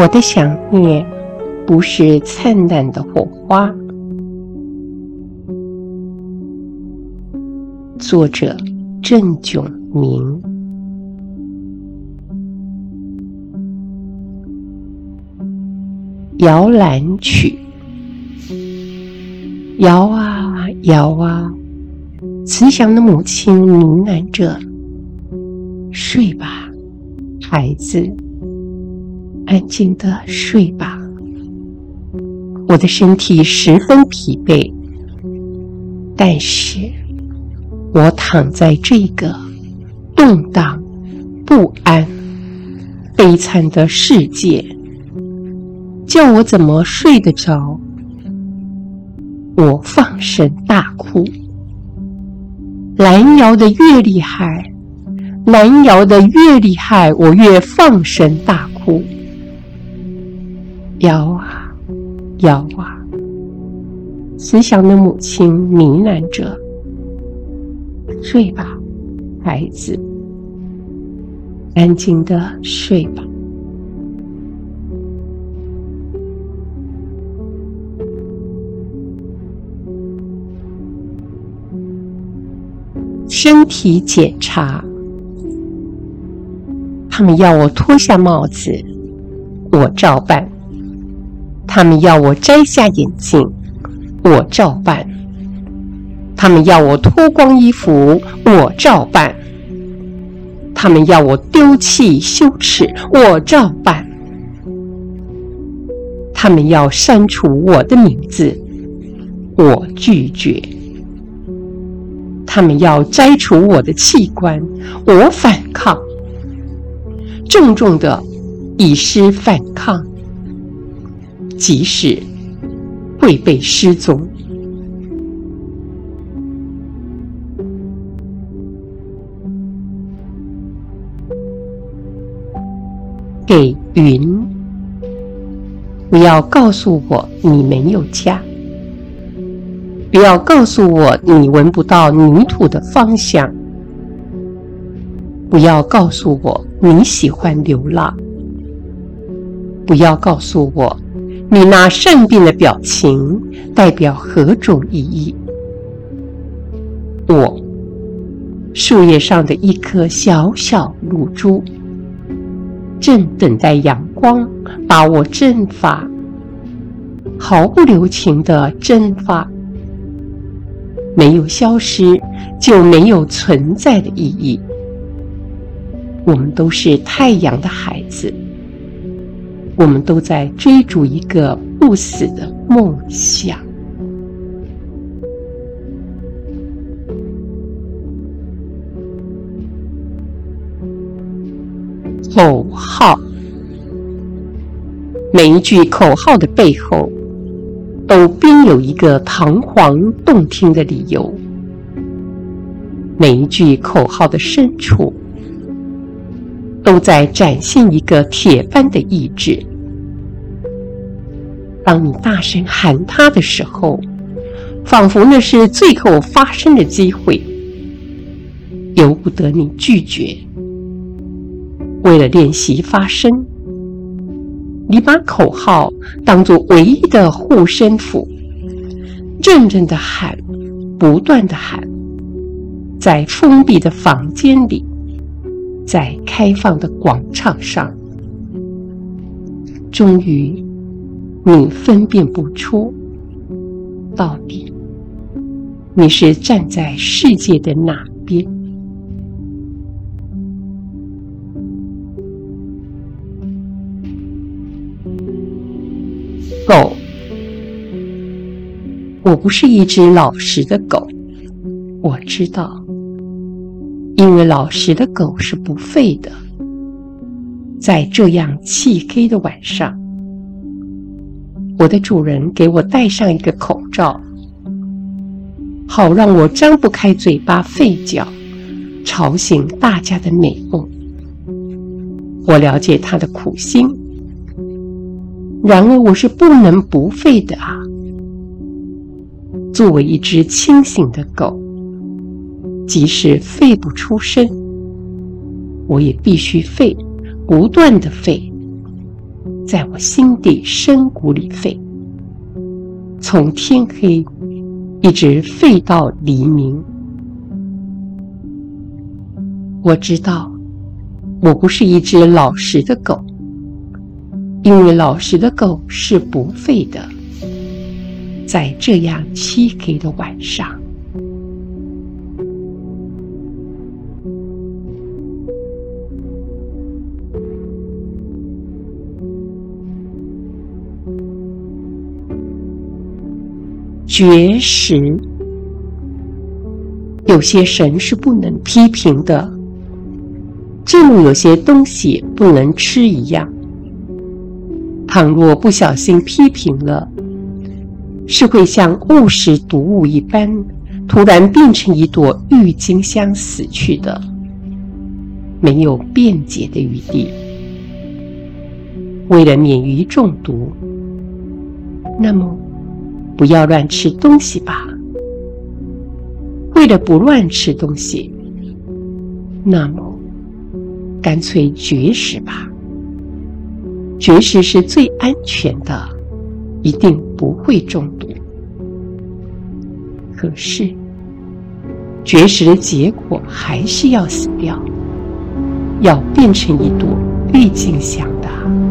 我的想念不是燦爛的火花。作者：鄭烱明。搖籃曲，搖啊搖啊，慈祥的母親呢喃着：“睡吧，孩子。”安靜地睡吧。我的身體十分疲憊，但是，我躺在這個動盪、不安、悲慘的世界，叫我怎麼睡得着？我放聲大哭，籃搖得越厲害，籃搖得越厲害，我越放聲大哭。搖啊，搖啊！慈祥的母親呢喃着：“睡吧，孩子，安靜的睡吧。”身體檢查，他們要我脫下帽子，我照辦。他們要我摘下眼鏡，我照辦；他們要我脫光衣服，我照辦；他們要我丟棄羞恥，我照辦；他們要刪除我的名字，我拒絕；他們要摘除我的器官，我反抗，重重的以示反抗。即使會被失蹤。給雲。不要告訴我你沒有家。不要告訴我你聞不到泥土的芳香。不要告訴我你喜歡流浪。不要告訴我。你那善變的表情代表何種意義？我，樹葉上的一顆小小露珠，正等待陽光把我蒸發，毫不留情的蒸發。沒有消失，就沒有存在的意義。我們都是太陽的孩子。我們都在追逐一個不死的夢想。口號，每一句口號的背後，都編有一個堂皇動聽的理由；每一句口號的深處，都在展現一個鐵般的意志。當你大聲喊他的時候，仿佛那是最後發聲的機會，由不得你拒絕。為了練習發聲，你把口號當作唯一的護身符，認真的喊，不斷的喊，在封閉的房間裡。在開放的廣場上，終於，你分辨不出到底你是站在世界的哪邊？狗。我不是一隻老實的狗，我知道。因為老實的狗是不吠的，在這樣漆黑的晚上，我的主人給我戴上一個口罩，好讓我張不開嘴巴吠叫，吵醒大家的美夢。我了解他的苦心，然而我是不能不吠的啊！作為一隻清醒的狗。即使吠不出聲，我也必須吠，不斷的吠，在我心底深谷裡吠。從天黑一直吠到黎明。我知道，我不是一隻老實的狗，因為老實的狗是不吠的。在這樣漆黑的晚上。絕食，有些神是不能批評的，正如有些東西不能吃一樣。倘若不小心批評了，是會像誤食毒物一般，突然變成一朵鬱金香死去的，沒有辯解的餘地。為了免於中毒，那麼。不要亂吃東西吧。為了不亂吃東西，那麼乾脆絕食吧。絕食是最安全的，一定不會中毒。可是，絕食的結果還是要死掉，要變成一朵鬱金香的。